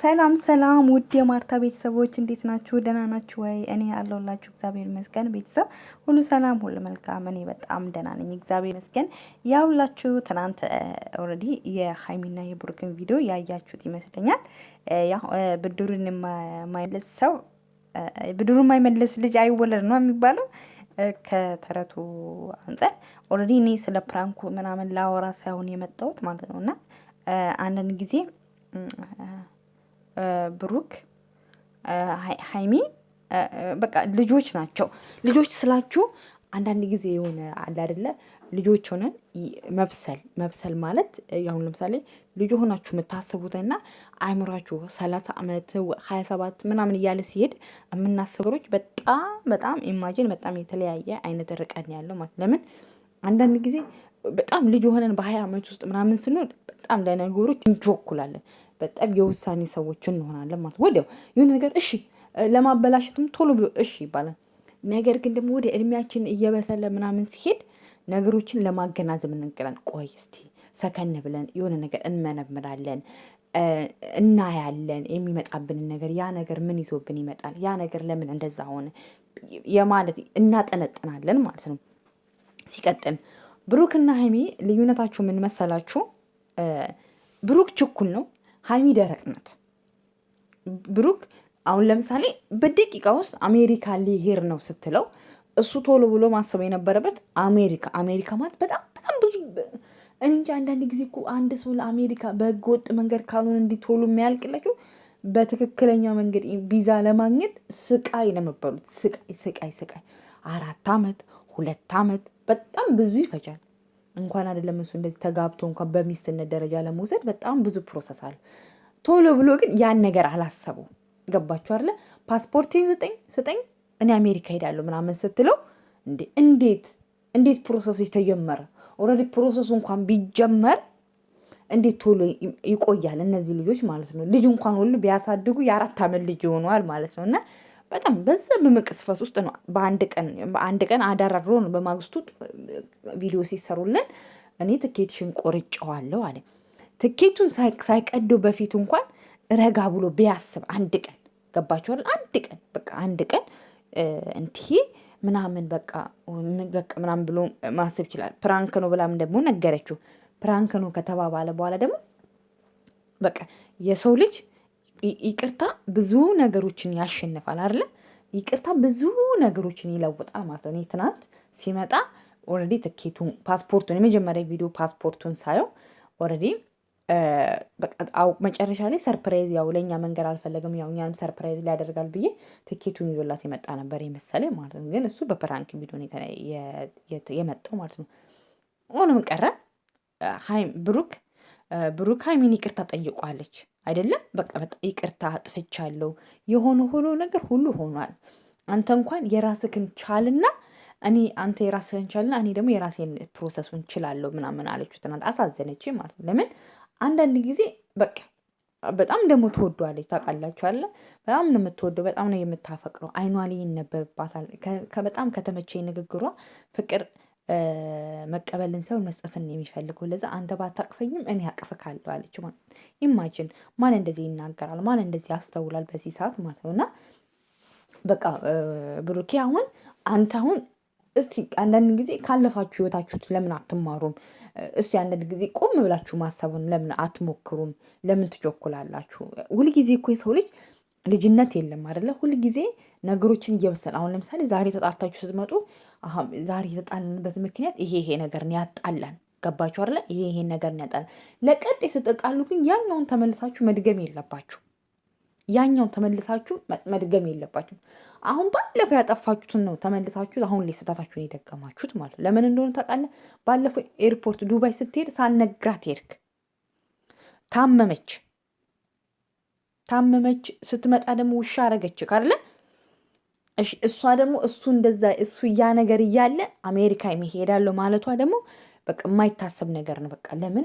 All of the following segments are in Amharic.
ሰላም ሰላም ውድ የማርታ ቤተሰቦች እንዴት ናችሁ? ደህና ናችሁ ወይ? እኔ አለሁላችሁ እግዚአብሔር ይመስገን። ቤተሰብ ሁሉ ሰላም፣ ሁሉ መልካም። እኔ በጣም ደህና ነኝ እግዚአብሔር ይመስገን። ያውላችሁ ትናንት ኦልሬዲ የሀይሚና የብሩክን ቪዲዮ ያያችሁት ይመስለኛል። ብድሩን የማይመልስ ሰው ብድሩን የማይመልስ ልጅ አይወለድ ነው የሚባለው ከተረቱ አንጻር ኦልሬዲ እኔ ስለ ፕራንኩ ምናምን ላወራ ሳይሆን የመጣሁት ማለት ነው እና አንዳንድ ጊዜ ብሩክ ሀይሚ በቃ ልጆች ናቸው። ልጆች ስላችሁ አንዳንድ ጊዜ የሆነ አለ አይደለ ልጆች ሆነን መብሰል መብሰል ማለት ያሁን ለምሳሌ ልጁ ሆናችሁ የምታስቡትና አይምሯችሁ ሰላሳ ዓመት ሀያ ሰባት ምናምን እያለ ሲሄድ የምናስቡ በጣም በጣም ኢማጂን በጣም የተለያየ አይነት ርቀን ያለው ማለት ለምን አንዳንድ ጊዜ በጣም ልጅ ሆነን በሀያ ዓመት ውስጥ ምናምን ስንሆን በጣም ለነገሮች እንጆኩላለን። በጣም የውሳኔ ሰዎች እንሆናለን ማለት ወዲያው ይሁን ነገር እሺ ለማበላሸትም ቶሎ ብሎ እሺ ይባላል። ነገር ግን ደግሞ ወደ እድሜያችን እየበሰለ ምናምን ሲሄድ ነገሮችን ለማገናዘብ እንቅለን ቆይ እስቲ ሰከን ብለን የሆነ ነገር እንመነምራለን፣ እናያለን የሚመጣብንን ነገር ያ ነገር ምን ይዞብን ይመጣል፣ ያ ነገር ለምን እንደዛ ሆነ የማለት እናጠነጥናለን ማለት ነው። ሲቀጥል ብሩክና ሀይሚ ልዩነታችሁ ምን መሰላችሁ? ብሩክ ችኩል ነው፣ ሀይሚ ደረቅ ናት። ብሩክ አሁን ለምሳሌ በደቂቃ ውስጥ አሜሪካ ሊሄድ ነው ስትለው እሱ ቶሎ ብሎ ማሰብ የነበረበት አሜሪካ አሜሪካ ማለት በጣም በጣም ብዙ እንጂ አንዳንድ ጊዜ እኮ አንድ ሰው ለአሜሪካ በህገ ወጥ መንገድ ካልሆነ እንዲህ ቶሎ የሚያልቅላችሁ በትክክለኛ መንገድ ቪዛ ለማግኘት ስቃይ ነው የምትበሉት። ስቃይ ስቃይ ስቃይ አራት አመት ሁለት አመት በጣም ብዙ ይፈጃል። እንኳን አይደለም እሱ እንደዚህ ተጋብቶ እንኳን በሚስትነት ደረጃ ለመውሰድ በጣም ብዙ ፕሮሰስ አለ። ቶሎ ብሎ ግን ያን ነገር አላሰበው ገባችሁ አለ ፓስፖርቴን ስጠኝ ስጠኝ እኔ አሜሪካ ሄዳለሁ ምናምን ስትለው እንዴት እንዴት ፕሮሰስ ተጀመረ? ኦልሬዲ ፕሮሰሱ እንኳን ቢጀመር እንዴት ቶሎ ይቆያል? እነዚህ ልጆች ማለት ነው ልጅ እንኳን ሁሉ ቢያሳድጉ የአራት ዓመት ልጅ ይሆነዋል ማለት ነው እና በጣም በዛ በመቀስፈስ ውስጥ ነው። በአንድ ቀን በአንድ ቀን አዳራድሮ ነው። በማግስቱ ቪዲዮ ሲሰሩልን እኔ ትኬትሽን ቆርጨዋለሁ አለ። ትኬቱን ሳይቀደው በፊት እንኳን ረጋ ብሎ ቢያስብ አንድ ቀን ገባችኋል። አንድ ቀን በቃ አንድ ቀን እንትሄ ምናምን በቃ ምናምን ብሎ ማሰብ ይችላል። ፕራንክ ነው ብላም ደግሞ ነገረችው። ፕራንክ ነው ከተባባለ በኋላ ደግሞ በቃ የሰው ልጅ ይቅርታ ብዙ ነገሮችን ያሸንፋል አይደለ? ይቅርታ ብዙ ነገሮችን ይለውጣል ማለት ነው። እኔ ትናንት ሲመጣ ኦልሬዲ ትኬቱን ፓስፖርቱን የመጀመሪያ ቪዲዮ ፓስፖርቱን ሳየው ኦልሬዲ መጨረሻ ላይ ሰርፕራይዝ ያው ለእኛ መንገድ አልፈለግም፣ ያው እኛንም ሰርፕራይዝ ሊያደርጋል ብዬ ትኬቱን ይዞላት የመጣ ነበር የመሰለ ማለት ነው። ግን እሱ በፕራንክ ቪዲዮ የመጣው ማለት ነው። ሆኖም ቀረ ሀይም ብሩክ ብሩክ ሀይሚን ይቅርታ ጠይቋለች አይደለም። በቃ ይቅርታ አጥፍቻለሁ፣ የሆነ ሁሉ ነገር ሁሉ ሆኗል። አንተ እንኳን የራስህን ቻልና እኔ አንተ የራስህን ቻልና እኔ ደግሞ የራሴን ፕሮሰሱን እንችላለሁ ምናምን አለች ትናንት። አሳዘነች ማለት ነው። ለምን አንዳንድ ጊዜ በቃ በጣም ደግሞ ትወዷለች ታውቃላችሁ አለ በጣም ነው የምትወደው፣ በጣም ነው የምታፈቅረው። አይኗ ላይ ይነበብባታል። በጣም ከተመቸኝ ንግግሯ ፍቅር መቀበልን ሰው መስጠትን የሚፈልገው ለዛ አንተ ባታቅፈኝም እኔ አቅፍካለሁ አለችው። ማለት ኢማጅን ማን እንደዚህ ይናገራል? ማን እንደዚህ ያስተውላል? በዚህ ሰዓት ማለት ነው። እና በቃ ብሩኬ አሁን አንተ አሁን እስቲ አንዳንድ ጊዜ ካለፋችሁ ህይወታችሁት ለምን አትማሩም? እስቲ አንዳንድ ጊዜ ቆም ብላችሁ ማሰቡን ለምን አትሞክሩም? ለምን ትቸኩላላችሁ? ሁልጊዜ እኮ የሰው ልጅ ልጅነት የለም አይደለ? ሁልጊዜ ነገሮችን እየበሰል አሁን ለምሳሌ ዛሬ ተጣልታችሁ ስትመጡ ዛሬ የተጣልንበት ምክንያት ይሄ ይሄ ነገር ነው ያጣላን። ገባችሁ አይደለ? ይሄ ይሄ ነገር ነው ያጣላን። ለቀጣይ ስትጣሉ ግን ያኛውን ተመልሳችሁ መድገም የለባችሁ። ያኛውን ተመልሳችሁ መድገም የለባችሁ። አሁን ባለፈው ያጠፋችሁትን ነው ተመልሳችሁ አሁን ላይ ስህተታችሁን የደገማችሁት ማለት ነው። ለምን እንደሆነ ታውቃለህ? ባለፈው ኤርፖርት ዱባይ ስትሄድ ሳነግራት ሄድክ። ታመመች ታመመች። ስትመጣ ደግሞ ውሻ አረገች ካለ እሷ ደግሞ እሱ እንደዛ እሱ ያ ነገር እያለ አሜሪካ የሚሄዳለሁ ማለቷ ደግሞ በቃ የማይታሰብ ነገር ነው። በቃ ለምን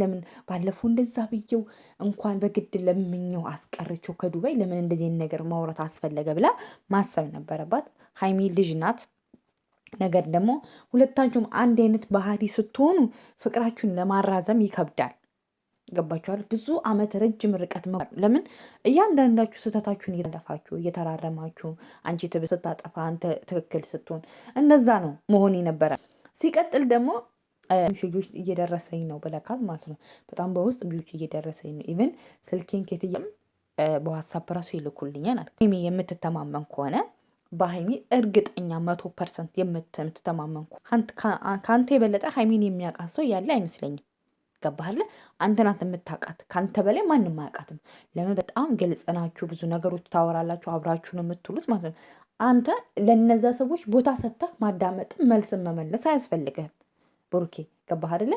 ለምን ባለፈው እንደዛ ብየው እንኳን በግድ ለምኘው አስቀርቸው ከዱባይ ለምን እንደዚህ ነገር ማውራት አስፈለገ ብላ ማሰብ ነበረባት። ሀይሚ ልጅ ናት። ነገር ደግሞ ሁለታችሁም አንድ አይነት ባህሪ ስትሆኑ ፍቅራችሁን ለማራዘም ይከብዳል። ገባችኋል? ብዙ አመት ረጅም ርቀት መ ለምን እያንዳንዳችሁ ስህተታችሁን እየተለፋችሁ እየተራረማችሁ፣ አንቺ ትብ ስታጠፋ፣ አንተ ትክክል ስትሆን፣ እንደዛ ነው መሆን ነበረ። ሲቀጥል ደግሞ ሽጆች እየደረሰኝ ነው ብለካል ማለት ነው። በጣም በውስጥ ቢዎች እየደረሰኝ ነው። ኢቨን ስልኬን ኬትየም በዋትሳፕ ራሱ ይልኩልኛል። ሀይሚ የምትተማመን ከሆነ በሀይሚ እርግጠኛ መቶ ፐርሰንት የምትተማመን ከአንተ የበለጠ ሀይሚን የሚያውቃት ሰው ያለ አይመስለኝም። ታስገባለ። አንተ ናት የምታውቃት፣ ከአንተ በላይ ማንም አያውቃትም። ለምን በጣም ግልጽ ናችሁ፣ ብዙ ነገሮች ታወራላችሁ፣ አብራችሁን የምትውሉት ማለት ነው። አንተ ለነዛ ሰዎች ቦታ ሰጥተህ ማዳመጥን መልስን መመለስ አያስፈልግህም። ብሩኬ ገባህ አይደለ?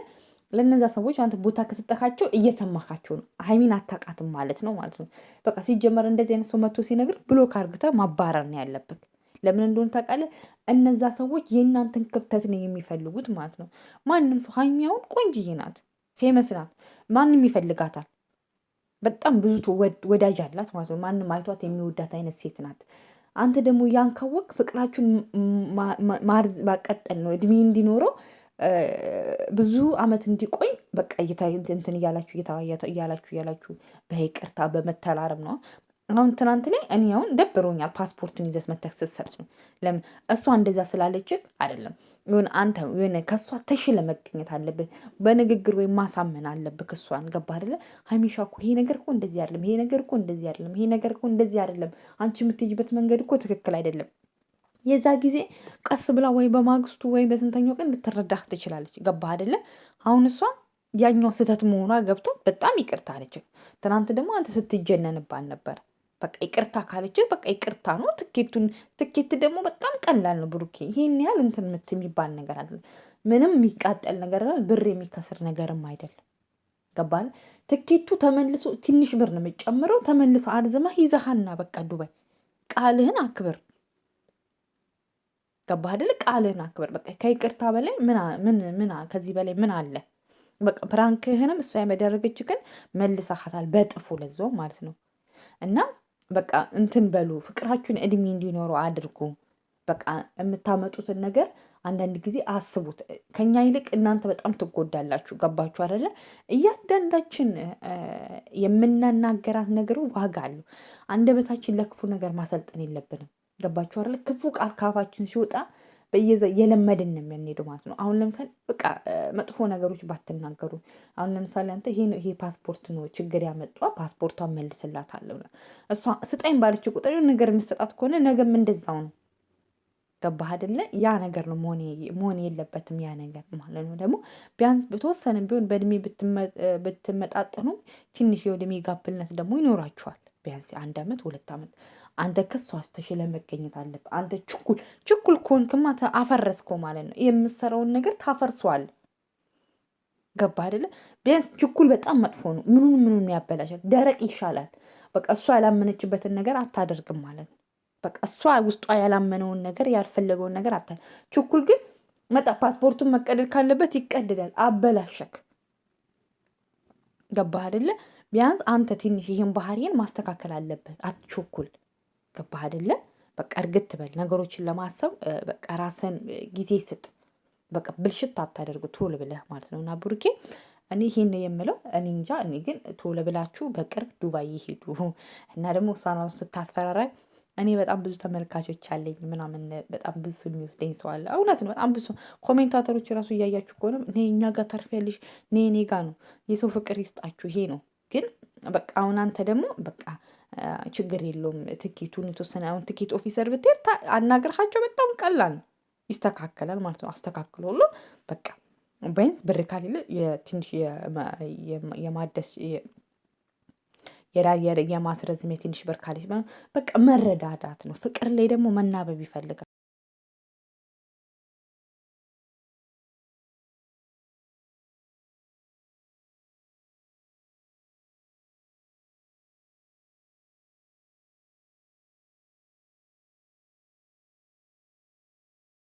ለነዛ ሰዎች አንተ ቦታ ከሰጠካቸው እየሰማካቸው ነው። ሀይሚን አታውቃትም ማለት ነው ማለት ነው። በቃ ሲጀመር እንደዚህ አይነት ሰው መጥቶ ሲነግር ብሎክ አድርግተህ ማባረር ነው ያለብህ። ለምን እንደሆነ ታውቃለህ? እነዛ ሰዎች የእናንተን ክፍተት ነው የሚፈልጉት ማለት ነው። ማንም ሰው ሀይሚ አሁን ቆንጅዬ ናት። ፌመስ ናት። ማንም ይፈልጋታል። በጣም ብዙ ወዳጅ አላት ማለት ነው። ማንም አይቷት የሚወዳት አይነት ሴት ናት። አንተ ደግሞ ያን ካወቅ ፍቅራችሁን ማርዝ ማቀጠል ነው። እድሜ እንዲኖረው ብዙ አመት እንዲቆይ በቃ እንትን እያላችሁ እያላችሁ እያላችሁ በይቅርታ በመተራረም ነው አሁን ትናንት ላይ እኔ አሁን ደብሮኛል። ፓስፖርቱን ይዘት መተክ ስትሰርች ነው። ለምን እሷ እንደዛ ስላለችህ አይደለም። ሆን አንተ ሆነ ከእሷ ተሽለ መገኘት አለብህ። በንግግር ወይም ማሳመን አለብህ እሷን። ገባ አደለ ሀይሚሻ እኮ ይሄ ነገር እኮ እንደዚህ አይደለም፣ ይሄ ነገር እኮ እንደዚህ አይደለም፣ ይሄ ነገር እኮ እንደዚህ አይደለም። አንቺ የምትሄጂበት መንገድ እኮ ትክክል አይደለም። የዛ ጊዜ ቀስ ብላ ወይ በማግስቱ ወይ በስንተኛው ቀን ልትረዳህ ትችላለች። ገባ አደለ አሁን እሷ ያኛው ስህተት መሆኗ ገብቶ በጣም ይቅርታ አለች። ትናንት ደግሞ አንተ ስትጀነንባል ነበር በቃ ይቅርታ ካለችህ በቃ ይቅርታ ነው። ትኬቱን ትኬት ደግሞ በጣም ቀላል ነው ብሩኬ፣ ይህን ያህል እንትን ምት የሚባል ነገር አይደለም። ምንም የሚቃጠል ነገር ብር የሚከስር ነገርም አይደለም። ገባል። ትኬቱ ተመልሶ ትንሽ ብር ነው የሚጨምረው። ተመልሶ አርዝመህ ይዘሃና በቃ ዱባይ ቃልህን አክብር። ገባህ አይደል? ቃልህን አክብር። በቃ ከይቅርታ በላይ ምን ምን ከዚህ በላይ ምን አለ? በቃ ፕራንክህንም እሷ የመደረገች ግን መልሰሃታል በጥፎ ለዞ ማለት ነው እና በቃ እንትን በሉ ፍቅራችሁን እድሜ እንዲኖሩ አድርጉ። በቃ የምታመጡትን ነገር አንዳንድ ጊዜ አስቡት። ከኛ ይልቅ እናንተ በጣም ትጎዳላችሁ። ገባችሁ አይደለ? እያንዳንዳችን የምናናገራት ነገሩ ዋጋ አለው። አንደበታችን ለክፉ ነገር ማሰልጠን የለብንም። ገባችሁ አይደለ? ክፉ ቃል ካፋችን ሲወጣ የለመድን ነው የምንሄደው ማለት ነው። አሁን ለምሳሌ በቃ መጥፎ ነገሮች ባትናገሩ፣ አሁን ለምሳሌ አንተ ይሄ ፓስፖርት ነው ችግር ያመጧ ፓስፖርቷን አለው እሷ ስጠኝ ባለች ቁጥር ነገር የምሰጣት ከሆነ ነገም እንደዛው ነው። ገባህ አይደለ? ያ ነገር ነው መሆን የለበትም። ያ ነገር ማለት ነው ደግሞ ቢያንስ በተወሰነ ቢሆን በእድሜ ብትመጣጥኑ ትንሽ የእድሜ ጋፕልነት ደግሞ ይኖራችኋል። ቢያንስ አንድ አመት ሁለት አመት አንተ ከሱ አስተሽለ መገኘት አለብህ። አንተ ችኩል ችኩል ከሆንክማ አፈረስከው ማለት ነው። የምሰራውን ነገር ታፈርሰዋል። ገባ አይደለ? ቢያንስ ችኩል በጣም መጥፎ ነው። ምኑን ምኑን ያበላሻል። ደረቅ ይሻላል። በቃ እሷ ያላመነችበትን ነገር አታደርግም ማለት ነው። በቃ እሷ ውስጧ ያላመነውን ነገር ያልፈለገውን ነገር አታ ችኩል ግን መጣ ፓስፖርቱን መቀደድ ካለበት ይቀደዳል። አበላሸክ። ገባ አይደለ? ቢያንስ አንተ ትንሽ ይህን ባህሪን ማስተካከል አለብን። አትቸኩል። ገባህ አይደለ? በቃ እርግት በል ነገሮችን ለማሰብ በቃ ራስን ጊዜ ስጥ። በቃ ብልሽት አታደርጉ ቶሎ ብለህ ማለት ነው። እና ቡርኬ እኔ ይሄን የምለው። እኔ እንጃ እኔ ግን ቶሎ ብላችሁ በቅርብ ዱባይ ይሄዱ እና ደግሞ እሷን ስታስፈራራኝ እኔ በጣም ብዙ ተመልካቾች አለኝ ምናምን በጣም ብዙ የሚወስደኝ ሰው አለ። እውነት ነው። በጣም ብዙ ኮሜንታተሮች ራሱ እያያችሁ ከሆነም እኔ እኛ ጋር ታርፊያለሽ፣ እኔ እኔ ጋር ነው የሰው ፍቅር ይስጣችሁ። ይሄ ነው ግን በቃ አሁን አንተ ደግሞ በቃ ችግር የለውም ትኬቱን የተወሰነ አሁን ትኬት ኦፊሰር ብትሄድ አናገርካቸው በጣም ቀላል ነው። ይስተካከላል ማለት ነው። አስተካክሎ ሁሉ በቃ ቢያንስ ብር ካሌለ የትንሽ የማደስ የማስረዝም የትንሽ ብር ካሌለ በቃ መረዳዳት ነው። ፍቅር ላይ ደግሞ መናበብ ይፈልጋል።